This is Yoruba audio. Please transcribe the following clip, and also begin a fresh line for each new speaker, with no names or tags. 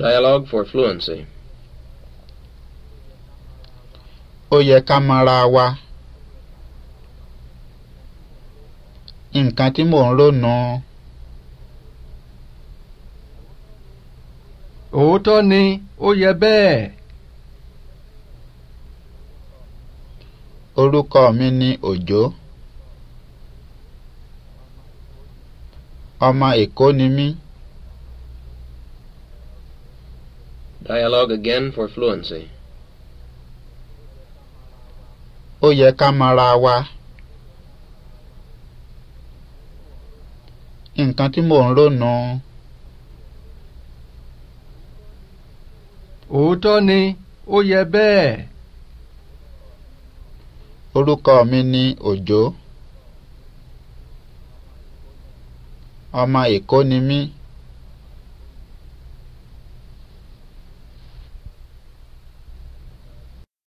Dialogue for fluency.
Ó yẹ ká mọra wa. Nǹkan tí mò ń ronú. Òótọ́ ni ó yẹ bẹ́ẹ̀. Orúkọ mi ni Òjó. Ọmọ Èkó ni mí.
Dialogue again for fluency.
Ó yẹ ká mara wa. Nǹkan tí mò ń rònú. Òótọ́ ni ó yẹ bẹ́ẹ̀. Orúkọ mi ni Òjó. Ọmọ Èkó ni mí.